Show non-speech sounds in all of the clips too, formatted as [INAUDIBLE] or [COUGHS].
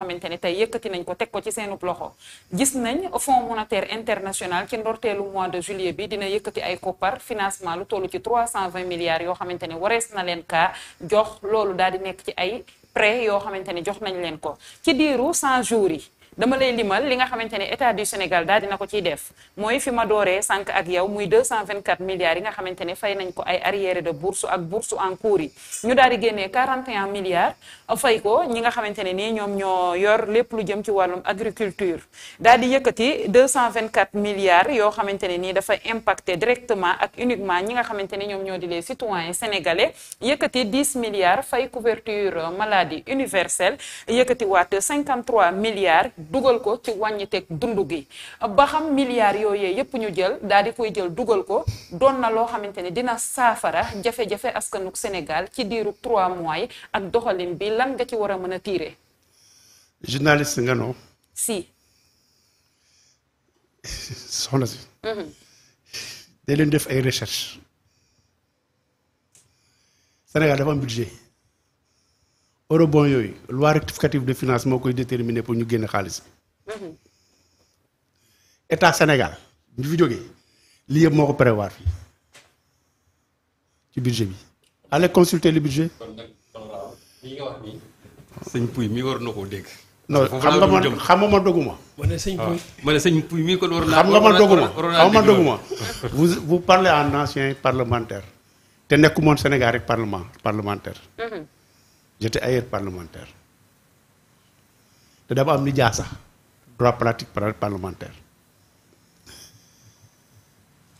xamante ne tey yëkkati nañ ko teg ko ci seenub loxo gis nañ fonds monétaire international ci ndorteelu mois de juillet bi dina yëkkati ay koppar financement lu toll ci 320 milliards yoo xamante ne warees na leen kaa jox loolu daal di nekk ci ay prêt yoo xamante ne jox nañ leen ko ci diiru cent jours yi dama lay limal li nga xamante ni état du Sénégal daal dina ko ciy def mooy fi ma dooree sànq ak yow muy 224 milliards yi nga xamante ne fay nañ ko ay arriérés de bourse ak bourse en cours yi ñu daal di génnee 41 milliards fay ko ñi nga xamante ne nii ñoom ñoo yor lépp lu jëm ci wàllum agriculture daal di yëkkati 224 milliards yoo xamante ne nii dafa impacté directement ak uniquement ñi nga xamante ni ñoom ñoo di les citoyens sénégalais yëkkati 10 milliards fay couverture maladie universelle yëkkati waat 53 milliards dugal ko ci wàññiteeg dund gi ba xam milliards yooyee yépp ñu jël daal di koy jël dugal ko doon na loo xamante ne dina saafara jafe-jafe askanuk Sénégal ci diiru trois mois yi ak doxalin bi lan nga ci war a mën a tiire. journaliste nga noo. si. [LAUGHS] soxna si. Mhm. day leen def ay recherche Sénégal dafa am budget. eurobond yooyu loi rectificative de finance moo koy déterminer pour ñu génn xaalis bi mhm. état Sénégal ñu fi jógee lii yëpp moo ko prévoir fii ci budget bi allez consulter le budget. sëñ Pouy mi war na koo dégg. non xam nga ma xam nga ma doguma. ma ne sëñ Pouy ah, ma ne sëñ ko war naa. xam nga ma doguma xam nga ma doguma. vous vous en ancien parlementaire. te nekkumoon Sénégal rek parlement parlementaire. Mhm. j'étais ailleurs parlementaire te dama am ni jaa sax droit pratique parlementaire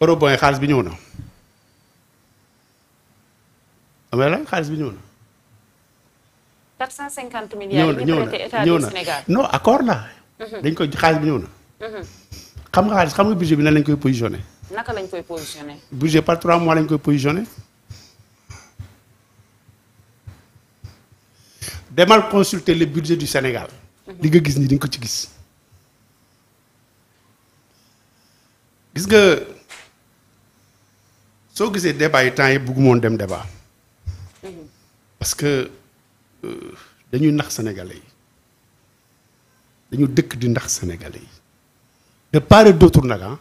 eurobond xaalis bi ñëw na amee na xaalis bi ñëw na 450 milliards ñëw na ñëw na no accord la mhm. dañ koy xaalis bi ñëw na mhm. xam nga xaalis xam nga budget bi na lañ koy positionné naka lañ koy positionné budget par trois mois lañ koy positionné demal consulter les budget du Sénégal. li nga gis ni di nga ko ci gis. gis nga soo gisee débat yi temps yi bëgguma dem débat. parce que euh, dañuy nax sénégalais yi dañu dëkk di ndax sénégalais yi. de part d'autre nag ah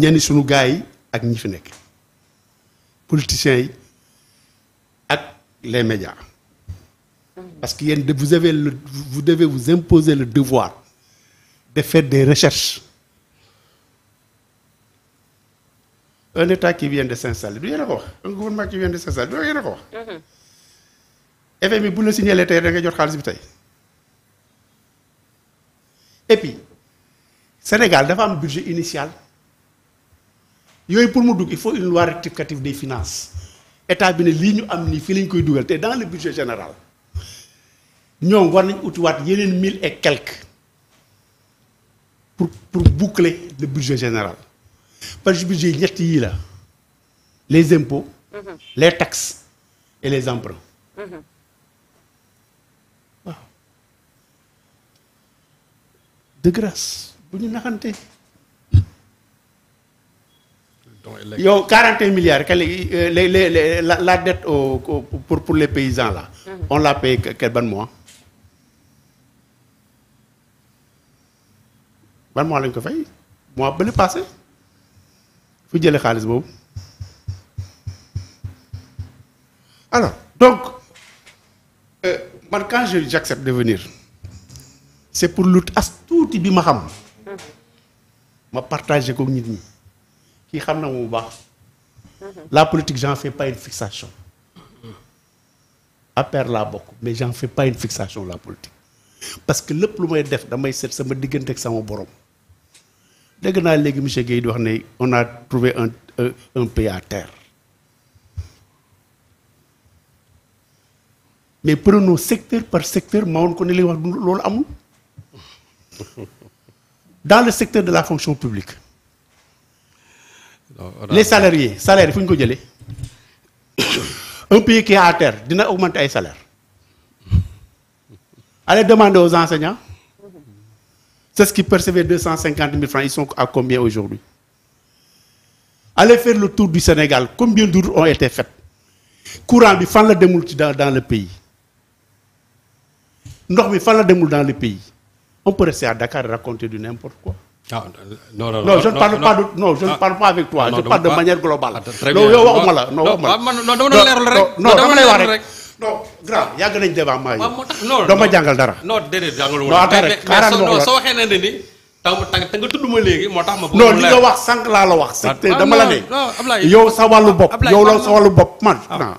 ñenn suñu yi ak ñi fi nekk politiciens yi ak les médias. Mm. parce que yéen vous avez le vous devez vous imposer le devoir de faire de recherche un état qui vient de s'installer du yéen a ko wax un gouvernement qui de s'installer du yéen a ko wax. Mm-hmm. FMI bu la signalé tey da jot xaalis bi tey et puis Sénégal dafa am budget initial yooyu pour mu dugg il faut une loi rectificative de finance état bi ne lii ñu am nii fii lañ koy dugal te dans le budget général. ñoom war nañ utiwaat yeneen mille et quelques pour pour boucler le budget général parce que budget ñett yii la les impôts mhm. les taxes et les emprunts mhm. waaw de grâce bu ñu naxante yow 41 milliards quelle est euh, la la dette au pour pour paysan la mhm. on l'a payé quel ban mois ban mois lañ ko fay mois bële passé fu jëlee xaalis boobu alors donc euh, man quand je j'accepte de venir c'est pour lut as tuuti bi ma xam ma partager ko nit ñi kii xam na mu baax la politique j'en fais pas une fixation APR laa bokk mais j'en fais pas une fixation la politique parce que lépp lu may def damay seet sama diggante ak sama borom dégg naa léegi monsieur Guèye di wax ne on a trouvé un euh, un pays à terre mais prenons secteur par secteur ma woon li wax loolu amul dans le secteur de la fonction publique les salariés salaire fu ñu ko jële un pays qui à terre dina augmenter ay salaire allez demander aux enseignants C'est ce qui percevait 250 000 francs. Ils sont à combien aujourd'hui Allez faire le tour du Sénégal. Combien de routes ont été faites Courant, il faut le démoule dans, dans le pays. Ndox bi fan la demul dans le pays on peut à Dakar raconter du n'importe quoi. Ah, je ne parle pas de non je ne ah. parle pas avec toi. Ah, je parle de manière globale. loolu ah, yow waxuma la non waxuma la non dama lay wax rek. non grand yàgg nañ débat maa yi. waaw jàngal dara. non déedéet jàngalul woon. non soo waxee na ne ni. nga tudd ma léegi moo tax ma. non nga wax sànq laa la wax. ah dama la ne yow sa wàllu bopp. yow la sa wàllu bopp man. ah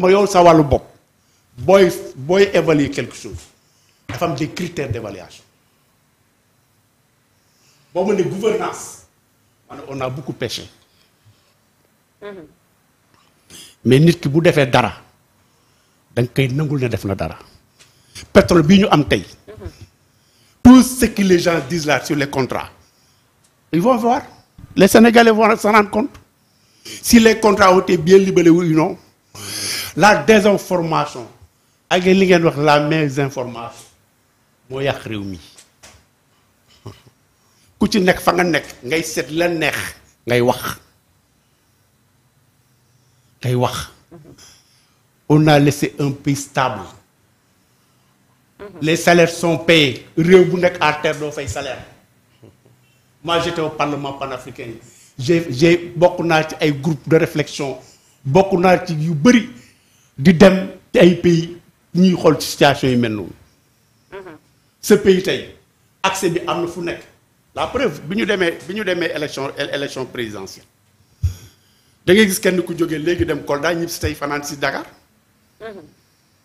ma yow sa wàllu bopp. booy booy évaluer quelque chose. dafa am des critères d'évaluation. boo ma ne gouvernance a beaucoup pêché. Mm-hmm. mais nit ki bu defee dara. da nga nangul ne def na dara pétrole bii ñu am tey tout ce que les gens disent les contrats ils vont voir les Sénégalais vont s'en si les contrats ont été bien libellés ou non la désinformation ak li ngeen wax la mésinformation moo yàq réew mi ku ci nekk fa nga nekk ngay seet la neex ngay wax ngay wax on a laissé un pays stable. les salaires son payés réew bu nekk à terre doo fay salaire. moi j'étais au parlement panafricain j'ai j'ai bokk naa ci ay groupe de réflexion bokk naa ci yu bëri di dem ci ay pays ñuy xool ci situation yi mel noonu. ce pays tey accès bi am na fu nekk. la preuve bi ñu demee bi ñu demee élection élection présidentielle da ngay gis kenn ku jógee léegi dem daa ñib si tey fanaan si Dakar.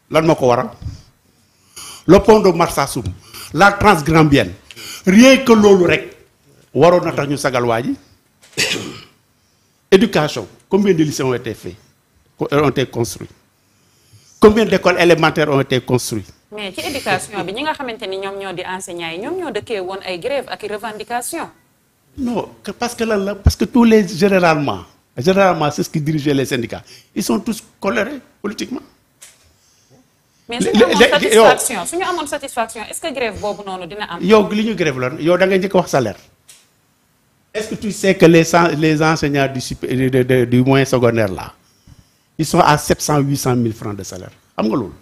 lan moo ko waral le pont de Marsassoum la transgambienne rien que loolu rek waroon na tax ñu sagal waa ji [COUGHS] éducation combien de lycées ont été faits ont été construits combien d'écoles élémentaires ont été construites mais ci éducation bi ñi nga xamante ni ñoom ñoo di enseignants yi ñoom ñoo dëkkee woon ay grève ak i revendication non parce que lan la parce que tous les généralement généralement c'est ce qui dirigeait les syndicats ils sont tous colorés politiquement mais suñu amoon satisfaction suñu amoon satisfaction est-ce que grève boobu noonu dina am. yow li ñu grève loon yow da nga njëkk wax salaire est-ce que tu sais que les les enseignants du sup du moyen secondaire la il sont à sept cent huit cent mille francs de salaire xam nga loolu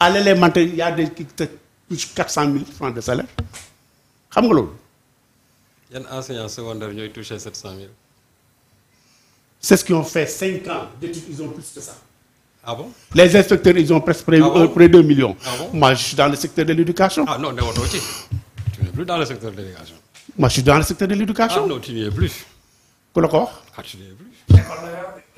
à y a des quatre cent mille de salaire xam nga yan enseignants secondaires ñooy toucher sept cent mille. c'est ce qu'ils ont fait cinq ans d'études ils ont plus que ça. Ah bon? Les inspecteurs, ils ont presque près, ah bon? euh, près de 2 millions. Ah bon? Moi, je suis dans le secteur de l'éducation. Ah non, non, non tu, tu n'es plus dans le secteur de l'éducation. Moi, je suis dans le secteur de l'éducation. Ah non, tu n'y es plus. Kolokor? Ah, tu n'y es plus.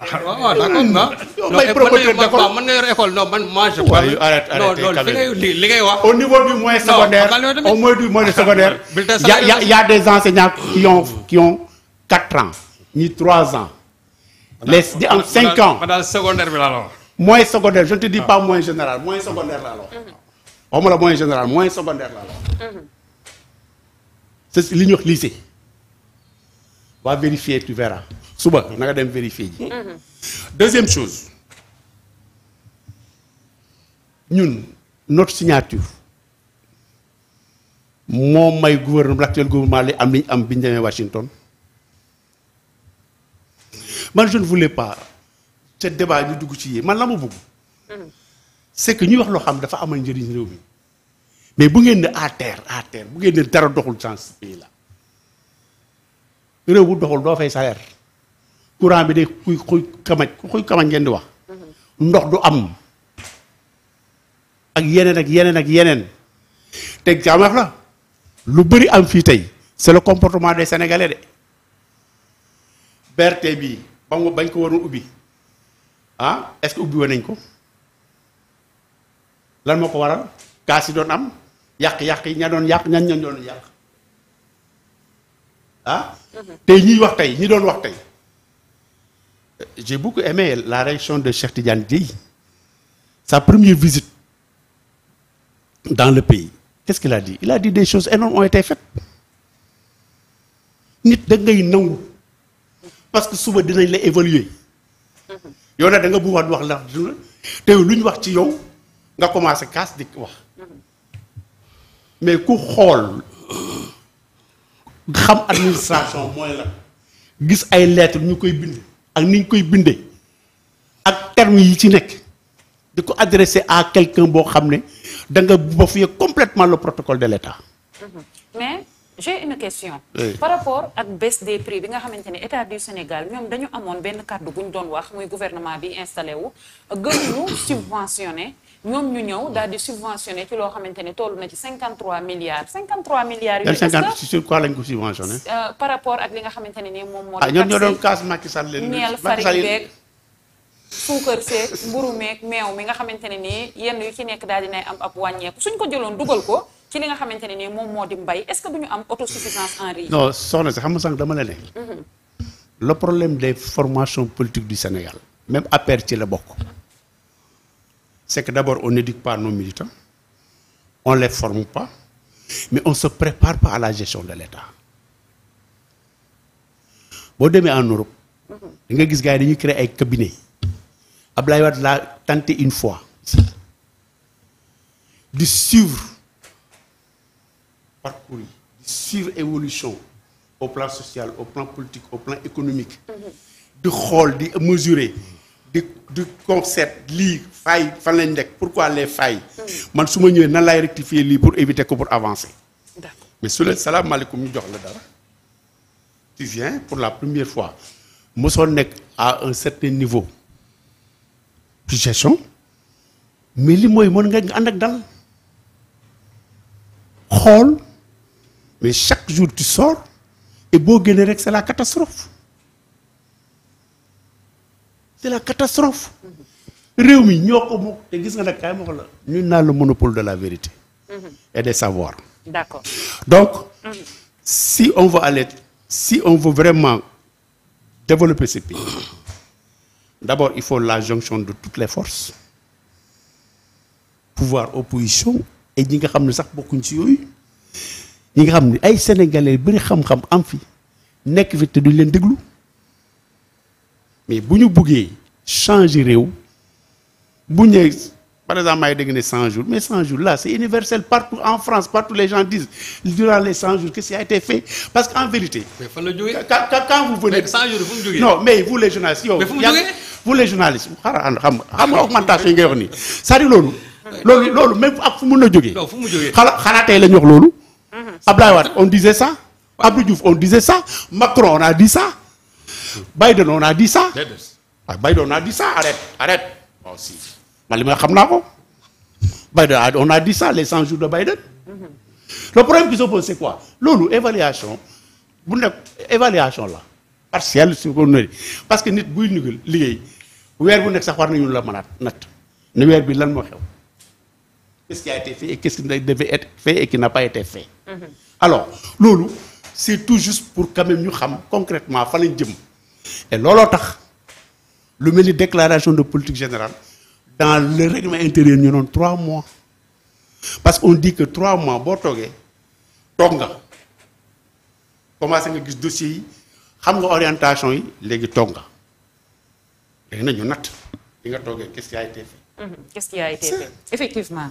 ah waaw ah, d'accord hmm. non man nga yor école non man man je parle. non loolu fi ngay li li ngay wax. au niveau du moyen secondaire au moins du moyen ah, secondaire. y a y a y a des enseignants qui ont hmm. qui ont quatre ans. ni trois ans. les di am cinq ans. ma daal secondaire bi laa la wax. moyen secondaire je ne te dis ah. pas moyen général moyen secondaire laa la wax. Mhm. waxuma la moyen général moyen secondaire laa la wax. Mhm. c'est li ñuy wax lycée. va vérifier tu verras suba na nga dem vérifier ji. Mhm. deuxième chose ñun notre signature moo may gouvernement l'actuel gouvernement li am li ñu am bi ñu demee Washington man je ne voulais pas. ca débat ñu dugg ci yii man la ma bëgg. c' ñuy wax loo xam dafa amal njëriñ réew mi mais bu ngeen ne à terre bu ngéen ne dara doxul dans ce la réew bu doxul doo fay salaire courant bi de kuy xuy kamaj ku xuy kamañ ngeen di wax. ndox du am. ak yeneen ak yeneen ak yeneen. te jaameex la lu bëri am fii tey c' le comportement des sénégalais de BRT bii ba mu bañ ko waroon ubbi. ah est-ce que ubbi woon nañ ko lan moo ko waral kaas yi doon am yàq-yàq yi ña doon yàq ña ñan doon yàq ah. Mhm. tey ñiy wax tey ñi doon wax tey. j'ai beaucoup aimé la réaction de Cheikh Tidiane Dièye sa première visite dans le pays qu'est-ce qu'il a dit il a dit des choses énormes fet nit da ngay nangu parce que suba dinañ la évaluer. yow danga da nga bëggoon wax ndax du te lu ñu wax ci yow nga commencé kaas di wax mais ku xool xam administration mooy la gis ay lettres ñu koy bind ak ni ñu koy bindee ak termes yi ci nekk di ko adressé à quelqu'un boo xam ne da nga bafoué completement le protocole de l'État. mais. j'ai une question. par rapport ak baisse des prix bi nga xamante ne état du Sénégal ñoom dañu amoon benn kàddu bu ñu doon wax muy gouvernement bi installé wu gënuñu subventionné ñoom ñu ñëw daal di subventionné ci loo xamante ne toll na ci 53 milliards. 53 milliards yooyu est-ce que sur quoi lañ ko subventionné. Euh, par ne ni moom moo. ah ñoom ñoo doon kaas Macky Sall leen. Macky Sall yi suukar seeg mburu meew mi nga xamante ne nii yenn yu ci nekk daal dinay am ab wàññeeku suñ ko jëloon dugal ko. ci li nga xamante nii moom moo di mbay est-ce que du ñu am autosuffisance en riz. soxna si xam nga sànq dama la ne. Mhm. le problème des formation politique du Sénégal même APR ci la bokk c'est que d'abord on n'éduque pas nos militants on les forme pas mais on se prépare pas à la gestion de l'État boo demee en Europe mhm. da nga gis gars yi dañuy créer ay cabinets Abdoulaye Wade l'a tenté une fois de suivre parcours yi di suivre évolution au plan social au plan politique au plan économique mm-hmm. di xool di mesurer di di concept lii fay fan lañ nekk pourquoi les fay mm-hmm. man su ma ñëwee nan laay rectifier lii pour éviter ko pour avancer mais su leen salaamaaleykum ñu jox la dara tu viens pour la première fois mosoo nekk à un certain niveau de gestion mais li mooy mën nga ànd ak dal xool mais chaque jour tu sors et boo génnee rek c'est la catastrophe c'est la catastrophe réew mi ñoo ko moom te gis nga nag kaay ma wax la ñu naan le monopole de la vérité et des savoirs d'accord donc mhm. si on veut aller si on veut vraiment développer ce pays d'abord il faut la jonction de toutes les forces pouvoir opposition et ñi nga xam ne sax bokkuñ ci yooyu yi nga xam ne ay sénégalais bari xam-xam am fi nekk fi te duñ leen déglu mais bu ñu buggee changer réew bu ñu par exemple maay dégg ne 100 jours mais 100 jours là c'est universel partout en France partout les gens disent durant les 100 jours qu'est-ce qui a été fait parce qu'en vérité. mais quand vous venez. mais 100 jours fu mu jógee non mais vous les journalistes yow. vous les journalistes xaaral xam nga xam nga augmentation yi ngay wax nii c'est-à-dire loolu. loolu loolu ak fu mun na jógee. non fu mu jógee xanaa la ñu wax Abdoulaye Wade on disait ça. Abdou Diouf on disait ça. Macron on a dit ça. Biden on a dit ça. ah Biden on a dit ça arrête arrête. bon li may xam naa ko. Biden ah, on a dit ça les 100 jours de Biden. Mm-hmm. loolu évaluation bu nekk évaluation la. partielle su ko nëri parce que nit buy nugal liggéey weer bu nekk sax war nañu la mën a natt weer bi lan moo xew. qu'est-ce qui a été fait et quest n'a pas été fait. Mhm. alors loolu c'est tout juste pour que même ñu xam concrètement fa lañ jëm et looloo tax lu mel ni déclaration de politique générale dans le règlement intérieur ñu noon trois mois parce qu'on dit que trois mois boo toogee toog nga commencé nga gis dossiers yi xam nga orientation yi léegi toog nga léegi na ñu natt li nga toogee qu'est-ce qui a été fait. Mhm. qu'est-ce a été fait effectivement.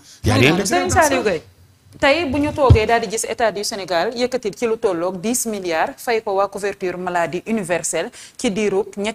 tey bu ñu toogee daal di gis état du Sénégal yëkkati ci lu tolloog 10 milliards fay ko waa couverture maladie universelle ci diirub